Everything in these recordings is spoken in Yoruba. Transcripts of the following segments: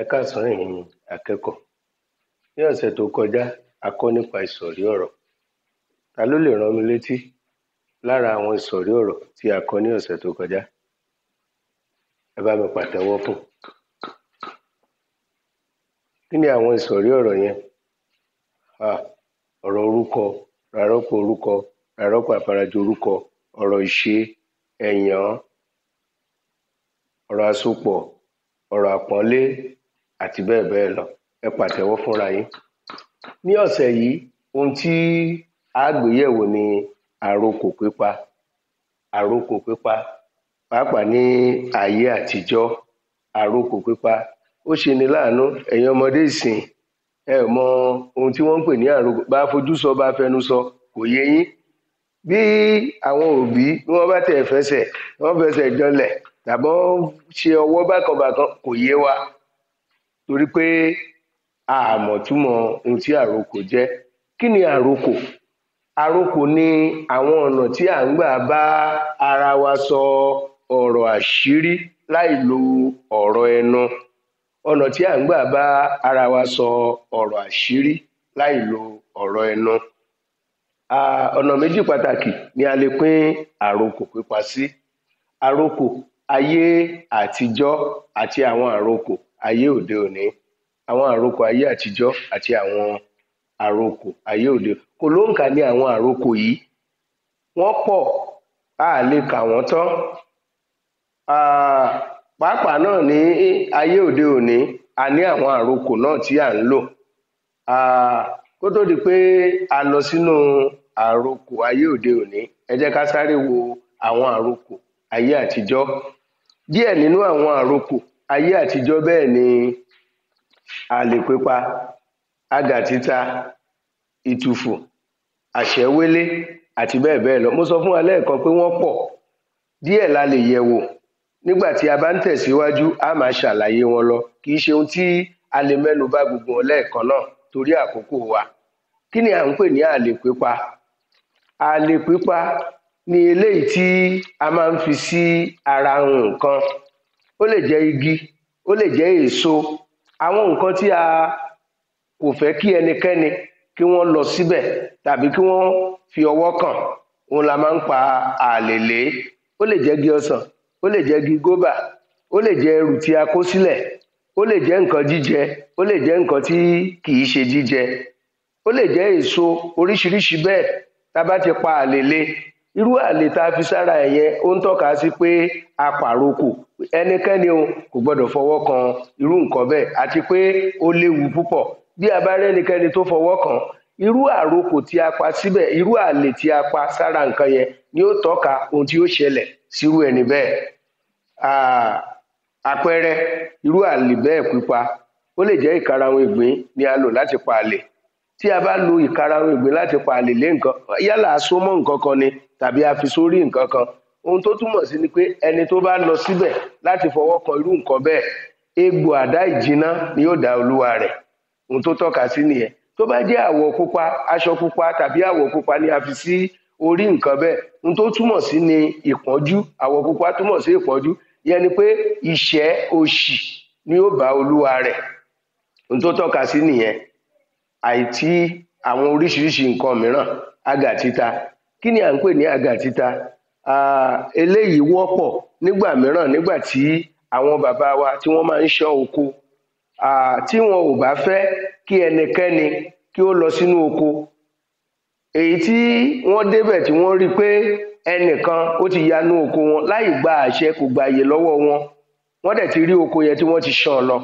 Ẹ káàsán ẹ̀yin akẹ́kọ̀ọ́ ní ọ̀sẹ̀ tó kọjá a kọ́ nípa ìsọ̀rí ọ̀rọ̀ ta ló lè rán mi létí lára àwọn ìsọ̀rí ọ̀rọ̀ tí a kọ́ ní ọ̀sẹ̀ tó kọjá ẹ bá mi pàtẹ́wọ́ fún kí ni àwọn ìsọ̀rí ọ̀rọ̀ yẹn um ọ̀rọ̀ orúkọ ràrọ́pò orúkọ ràrọ́pò àfarajọ orúkọ ọ̀rọ̀ ìṣe ẹ̀yán ọ̀rọ̀ àsopọ̀ ọ̀rọ̀ àpọ́nlé àti bẹ́ẹ̀ bẹ́ẹ̀ lọ ẹ pàtẹ́wọ́ fúnra yín ní ọ̀sẹ̀ yìí ohun tí a gbéyẹ̀wò ni àrokò pípa àrokò pípa pàápàá ní ayé àtijọ́ àrokò pípa ó ṣe ni láàánú ẹ̀yin ọmọdé ìsìn ẹ mọ ohun tí wọ́n ń pè ní àrokò bá fojú sọ bá fẹnu sọ kò yé yín bí àwọn òbí bí wọ́n bá tẹ̀ fẹsẹ̀ wọ́n fẹsẹ̀ jọlẹ̀ tàbí wọ́n ṣe ọwọ́ bákan bákan kò yé wa torí pé àmọ̀túmọ̀ ohun tí àrokò jẹ́ kí ni àrokò àrokò ni àwọn ọ̀nà tí à ń gbà bá ara wa sọ ọ̀rọ̀ àṣírí láì lo ọ̀rọ̀ ẹnu ọ̀nà tí à ń gbà bá ara wa sọ ọ̀rọ̀ àṣírí láì lo ọ̀rọ̀ ẹnu ọ̀nà méjì pàtàkì ni a lè pín àrokò pípa sí àrokò ayé àtijọ́ àti àwọn àrokò ayé òde òní àwọn àrokò ayé àtijọ́ àti àwọn àrokò ayé òde kò lóǹkà ní àwọn àrokò yìí wọ́n pọ̀ a lè kà wọ́n tán pàápàá náà ní ayé òde òní a ní àwọn àrokò náà tí à ń lò kó tó di pé a lọ sínú àrokò ayé òde òní ẹ jẹ́ ká sáré wo àwọn àrokò ayé àtijọ́ díẹ̀ nínú àwọn àrokò ayé àtijọ́ bẹ́ẹ̀ ni àlè pípa àgà títa ìtùfù àṣẹ́wélé àti bẹ́ẹ̀ bẹ́ẹ̀ lọ mo sọ fún wa lẹ́ẹ̀kan pé wọ́n pọ̀ díẹ̀ la lè yẹ̀ wò nígbà tí a bá ń tẹ̀síwájú a máa ṣàlàyé wọn lọ kì í ṣe ohun tí a lè mẹ́nu bà gbogbo wọn lẹ́ẹ̀kan náà torí àkókò wa kí ni à ń pè ní àlè pípa ni eléyìí tí a máa ń fi sí ara nǹkan ó lè jẹ́ igi ó lè jẹ́ èso àwọn nǹkan tí a kò fẹ́ kí ẹnikẹ́ni kí wọ́n lọ síbẹ̀ tàbí kí wọ́n fi ọwọ́ kàn òun la máa ń pa ààlè lé ó lè jẹ́ igi ọsàn ó lè jẹ́ igi góbà ó lè jẹ́ ẹrù tí a kó sílẹ̀ ó lè jẹ́ nǹkan jíjẹ ó lè jẹ́ nǹkan tí kìí ṣe jíjẹ ó lè jẹ́ èso oríṣiríṣi bẹ́ẹ̀ tá a bá ti pa àlè lé irú àlè tá a fi sára ẹ̀yẹ ó ń tọ́ka sí pé apàrokò ẹnikẹ́ni o kò gbọ́dọ̀ fọwọ́ kan irú nǹkan bẹ́ẹ̀ àti pé ó léwu púpọ̀ bí a bá rí ẹnikẹ́ni tó fọwọ́ kan irú àrokò tí a pa síbẹ̀ irú àlè tí a pa sára nǹkan yẹn ni ó tọ́ka ohun tí ó ṣẹlẹ̀ sírú ẹni bẹ́ẹ̀ àpẹẹrẹ irú àlè bẹ́ẹ̀ pípa ó lè jẹ́ ìkarahun ìgbín ni a lò láti pa àlè tí a bá lo ìkarahun ìgbín láti pa àlè lé nǹkan yálà a nǹkan kan ni tàbí a fi sórí nǹkan kan ohun tó túmọ̀ sí ni pé ẹni tó bá lọ síbẹ̀ láti fọwọ́ kan irú nǹkan bẹ́ẹ̀ egbò àdá ìjìnà ni yóò dá olúwa rẹ̀ ohun tó tọ́ka sí nìyẹn tó bá jẹ́ àwọ̀ pupa aṣọ pupa tàbí àwọ̀ pupa ni a fi sí orí nǹkan bẹ́ẹ̀ ohun tó túmọ̀ sí ni ìpọ́njú àwọ̀ pupa túmọ̀ sí ìpọ́njú yẹn ni pé ìṣẹ́ òṣì ni yóò bá olúwa rẹ̀ ohun tó tọ́ka sí nìyẹn àìtí àwọn oríṣiríṣi nǹkan mìíràn àgà kí ni à ń pè ní àga títa eléyìí wọ́pọ̀ nígbà mìíràn nígbà tí àwọn bàbá wa tí wọ́n máa ń ṣọ́ oko tí wọn ò bá fẹ́ kí ẹnikẹ́ni kí ó lọ sínú oko èyí tí wọ́n débẹ̀ tí wọ́n rí pé ẹnìkan ó ti yanú oko wọn láì gba àṣẹ kò gba àyè lọ́wọ́ wọn wọ́n dẹ̀ ti rí oko yẹn tí wọ́n ti ṣàn lọ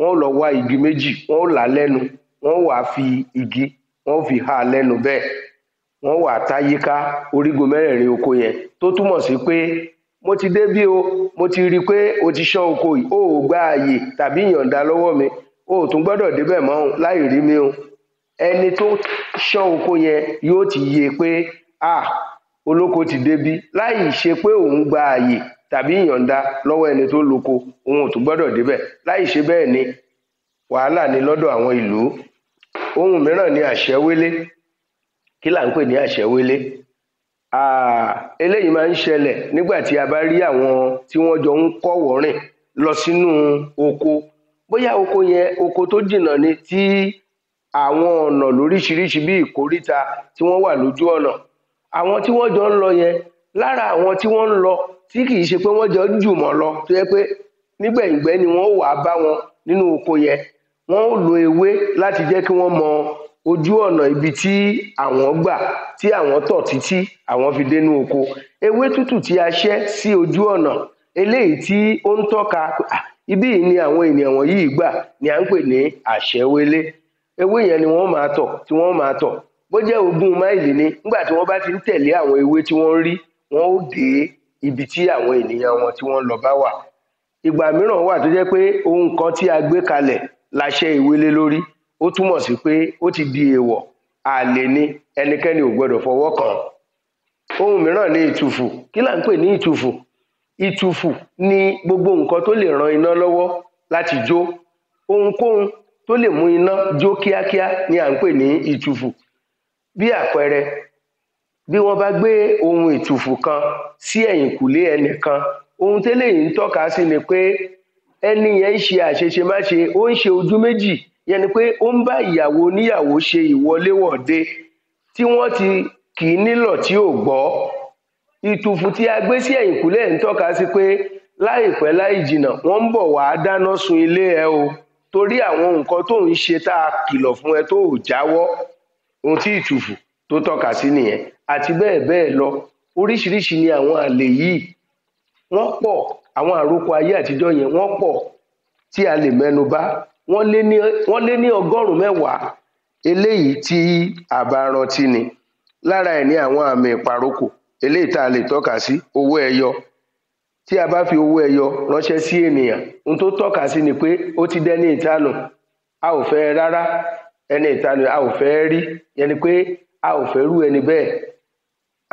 wọ́n lọ wá igi méjì wọ́n ò là lẹ́nu wọ́n wàá fi igi wọ́n fi há lẹ́nu bẹ́ẹ̀ wọ́n wà táyíká orígun mẹ́rẹ̀ẹ̀rin oko yẹn tó túmọ̀ sí pé mo ti dé bí o mo ti rí i pé o ti ṣán oko yìí o ò gba àyè tàbí ìyọ̀ǹda lọ́wọ́ mi o ò tún gbọ́dọ̀ débẹ̀ mọ́ o láì rí mi o ẹni tó ṣán oko yẹn yóò ti yé pé a olóko ti dé bí láì ṣe pé òun gba àyè tàbí ìyọ̀ǹda lọ́wọ́ ẹni tó loko òun ò tún gbọ́dọ̀ débẹ̀ láì ṣe bẹ́ẹ̀ ni wàhálà ni lọ́dọ̀ àwọn ìlú ohun mìíràn ni àṣẹ kí là ń pè ní àṣẹ́wélé eléyìí máa ń ṣẹlẹ̀ nígbà tí a bá rí àwọn tí wọ́n jọ ń kọ́wọ̀ọ́ rìn lọ sínú oko bóyá oko yẹn oko tó jìnnà ni tí àwọn ọ̀nà lóríṣiríṣi bí ìkóríta tí wọ́n wà lójú ọ̀nà àwọn tí wọ́n jọ ń lọ yẹn lára àwọn tí wọ́n ń lọ tí kìí ṣe pé wọ́n jọ ń jùmọ̀ lọ tó yẹ pé nígbẹ̀yìngbẹ́ ni wọ́n wà á bá wọn nínú oko yẹn wọ́n lo ewé láti jẹ́ kí wọ́n mọ ojú ọ̀nà ibi tí àwọn gbà tí àwọn tọ̀ títí àwọn fi dénú oko ewé tútù tí a ṣẹ́ sí ojú ọ̀nà eléyìí tí ó ń tọ́ka ibí yìí ni àwọn ènìyàn wọ̀nyí gbà ni à ń pè ní àṣẹwélé ewé yẹn ni wọ́n máa tọ̀ tí wọ́n máa tọ̀ bó jẹ́ ogún máìlì ni nígbà tí wọ́n bá ti ń tẹ̀lé àwọn ewé tí wọ́n ń rí wọ́n ó dé ibi tí àwọn ènìyàn wọn tí wọ́n lọ bá wà ìgbà mìíràn wà tó jẹ́ pé ohun kan tí a gbé kalẹ̀ la ṣẹ́ ewé lé lórí ó túmọ̀ sí pé ó ti di èèwọ̀ àlè ni ẹnikẹ́ni ò gbọdọ̀ fọwọ́ kàn ohun mìíràn ni ìtùfù kí là ń pè ní ìtùfù ìtùfù ni gbogbo nǹkan tó lè ran iná lọ́wọ́ láti jó ohunkóhun tó lè mú iná jó kíákíá ni à ń pè ní ìtùfù bí àpẹẹrẹ bí wọ́n bá gbé ohun ìtùfù kan sí ẹ̀yìnkùlé ẹnìkan ohun tẹ́lẹ̀ yìí ń tọ́ka sí ni pé ẹni yẹn ń ṣe àṣeṣe má ṣe ó ń ṣe ojú méjì yẹn ni pé ó ń bá ìyàwó oníyàwó ṣe ìwọléwọ̀de tí wọ́n ti kì í nílọ̀ tí ò gbọ́ ìtùfù tí a gbé sí ẹ̀yìnkùlé ń tọ́ka sí pé láìpẹ́ láì jìnà wọ́n ń bọ̀ wá dáná sun ilé ẹ o torí àwọn nǹkan tó ń ṣe tá a kìlọ̀ fún ẹ tó ò jáwọ́ ohun tí ìtùfù tó tọ́ka sí nìyẹn àti bẹ́ẹ̀ bẹ́ẹ̀ lọ oríṣiríṣi ni àwọn àlè yìí wọ́n pọ̀ àwọn àròkọ ayé àtijọ́ yẹn wọ́n pọ̀ tí a lè mẹ́nu bà wọ́n lé ní ọgọ́rùn-ún mẹ́wàá eléyìí tí a rántí ni lára ẹ̀ ní àwọn àmì ìparoko eléyìí tá a lè tọ́ka sí owó ẹyọ tí a bá fi owó ẹyọ ránṣẹ́ sí ènìyàn ohun tó tọ́ka sí ni pé ó ti dẹ́ni ìtanù a ò fẹ́ rárá ẹni ìtanù a ò fẹ́ rí yẹni pé a ò fẹ́ rú ẹni bẹ́ẹ̀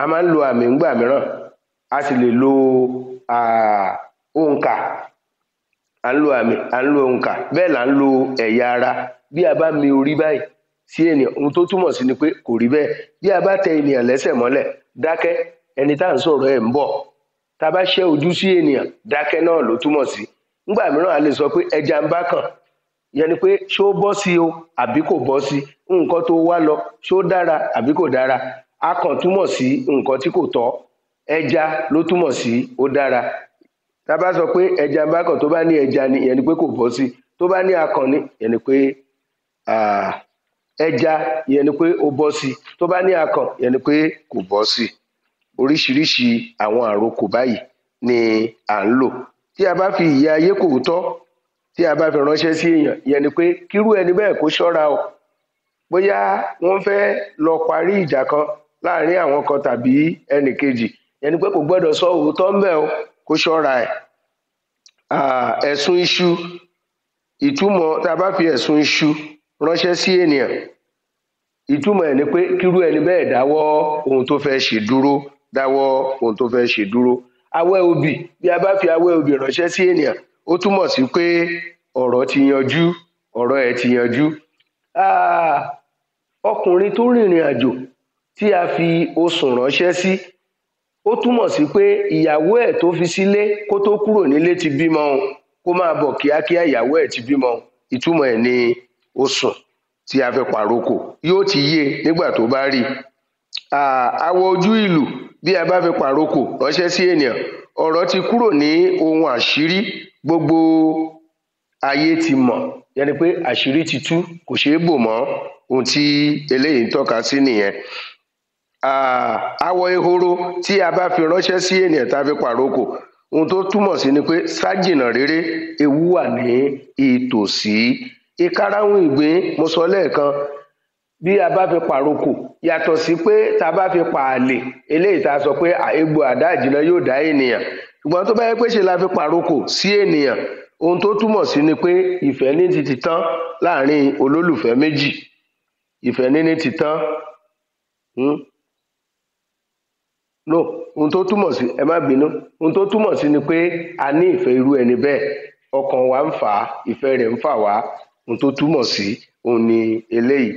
a máa ń lo àmì ńgbà mìíràn a sì lè lo òǹkà a ń lo àmì à ń lo òǹkà bẹ́ẹ̀ là lo ara bí a bá mi orí báyìí sí ènìyàn ohun tó túmọ̀ sí ni pé kò rí bẹ́ẹ̀ bí a bá tẹ ènìyàn lẹ́sẹ̀ mọ́lẹ̀ dákẹ́ ẹni tá à ń sọ̀rọ̀ ẹ̀ ń bọ̀ tá a bá ṣẹ́ ojú sí ènìyàn dákẹ́ a lè sọ pé ẹja ń bá kàn yẹn ni pé bọ́ sí o àbí kò bọ́ sí nǹkan tó wá lọ ṣó dára àbí kò dára a kàn túmọ̀ sí nǹkan tí kò tọ́ ẹja ló túmọ̀ sí ó dára tá a bá sọ pé ẹja ń tó bá ní ẹja ni ìyẹn ni pé kò bọ́ sí tó bá ní akàn ni ìyẹn ni pé ẹja ìyẹn ni pé ó bọ́ sí tó bá ní akàn ìyẹn ni pé kò bọ́ sí oríṣiríṣi àwọn àrokò báyìí ni à ń lò tí a bá fi ìyà ayé kò tọ́ tí a bá fi ránṣẹ́ sí èèyàn ìyẹn ni pé kírú ẹni bẹ́ẹ̀ kó ṣọ́ra o bóyá wọ́n fẹ́ lọ parí ìjà kan láàrin àwọn kan tàbí ẹnì kejì ìyẹn ni pé kò gbọ́dọ̀ sọ òótọ́ ń bẹ̀ o kó ṣọ́ra ẹ̀ ẹ̀sùn iṣu ìtumọ̀ tá a bá fi ẹ̀sùn iṣu ránṣẹ́ sí ènìyàn ìtumọ̀ ẹ̀ ni pé kírú ẹni bẹ́ẹ̀ dáwọ́ ohun tó fẹ́ ṣe dúró dáwọ́ ohun tó fẹ́ ṣe dúró awẹ́ obì bí a bá fi awẹ́ obì ránṣẹ́ sí ènìyàn ó túmọ̀ sí pé ọ̀rọ̀ ti yanjú ọ̀rọ̀ ẹ̀ ti yanjú ọkùnrin tó rìnrìn àjò tí a fi osùn ránṣẹ́ sí. Si ó túmọ̀ sí pé ìyàwó ẹ̀ tó fi sílé kó tó kúrò nílé ti bímọ o kó máa bọ̀ kíákíá ìyàwó ẹ̀ ti bímọ ìtumọ̀ ẹ̀ ni ó sùn tí a fẹ́ pàrókò yóò ti yé nígbà tó bá rí àwọ̀ ojú ìlú bí a bá fẹ́ pàrókò ránṣẹ́ sí ènìyàn ọ̀rọ̀ ti kúrò ní ohun àṣírí gbogbo ayé ti mọ̀ yẹni pé àṣírí ti tú kò ṣeé bò mọ́ ohun tí eléyìí ń tọ́ka sí nìyẹn awọ ehoro tí a bá fi ránṣẹ́ sí ènìyàn tá a fi pàrókò ohun tó túmọ̀ sí ni pé sájìnà rere ewu wà ní ìtòsí ìkarahun ìgbín mo sọ lẹ́ẹ̀kan bí a bá fi pàrókò yàtọ̀ sí pé tá a bá fi pààlè eléyìí tá a sọ pé egbò àdá ìjìnlẹ̀ yóò dá ènìyàn ṣùgbọ́n tó bá yẹ pé ṣe la fi pàrókò sí ènìyàn ohun tó túmọ̀ sí ni pé ìfẹ́ ní ti tán láàrin olólùfẹ́ méjì ìfẹ́ ní ti tán. Hmm? no ohun tó túmọ̀ sí ẹ má bínú ohun tó túmọ̀ sí ni pé a ní ìfẹ́ irú ẹni bẹ́ẹ̀ ọkàn wa ń fà á ìfẹ́ rẹ̀ ń fà wá ohun tó túmọ̀ sí òun ni eléyìí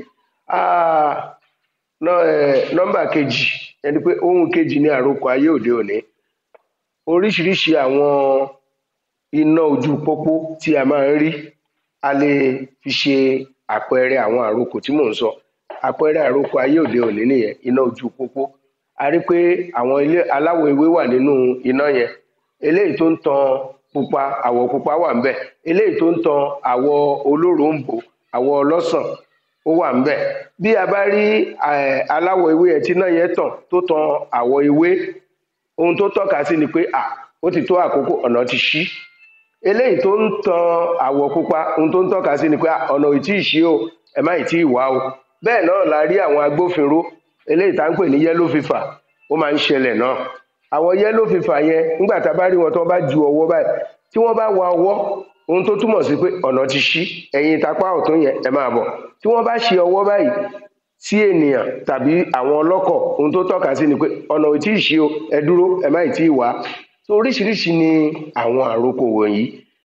nọ́mbà kejì ẹni pé ohun kejì ni àròkọ ayé òde òní oríṣiríṣi àwọn iná ojú pópó tí a máa ń rí a lè fi ṣe àpẹẹrẹ àwọn àròkọ tí mò ń sọ àpẹẹrẹ àròkọ ayé òde òní nìyẹn iná ojú pópó a rí pé àwọn ilé aláwọ̀ ewé wà nínú iná yẹn eléyìí tó ń tan pupa àwọ̀ pupa wà ńbẹ̀ eléyìí tó ń tan àwọ̀ olóròǹbó àwọ̀ ọlọ́sàn ó wà ńbẹ̀ bí a bá rí aláwọ̀ ewé ẹ̀ tí iná yẹn tàn tó tan àwọ̀ ewé ohun tó tọ́ka sí ni pé ó ti tó àkókò ọ̀nà ti ṣí eléyìí tó ń tan àwọ̀ pupa ohun tó ń tọ́ka sí ni pé ọ̀nà ò tí ì ṣí o ẹ má ì tí o bẹ́ẹ̀ náà la rí àwọn agbófinró eléyìí tá ń pè ní yellow fever ó máa ń ṣẹlẹ̀ náà àwọn yellow fever yẹn nígbà tá a bá rí wọn tí wọ́n bá ju ọwọ́ báyìí tí wọ́n bá wa ọwọ́ ohun tó túmọ̀ sí pé ọ̀nà ti ṣí ẹ̀yìn ìtapá ọ̀tún yẹn ẹ máa bọ̀ tí wọ́n bá ṣe ọwọ́ báyìí sí ènìyàn tàbí àwọn ọlọ́kọ̀ ohun tó tọ́ka sí ni pé ọ̀nà ò tí ì ṣí o ẹ dúró ẹ má ì tí ì wá oríṣiríṣi ni àwọn àrokò wọ̀nyí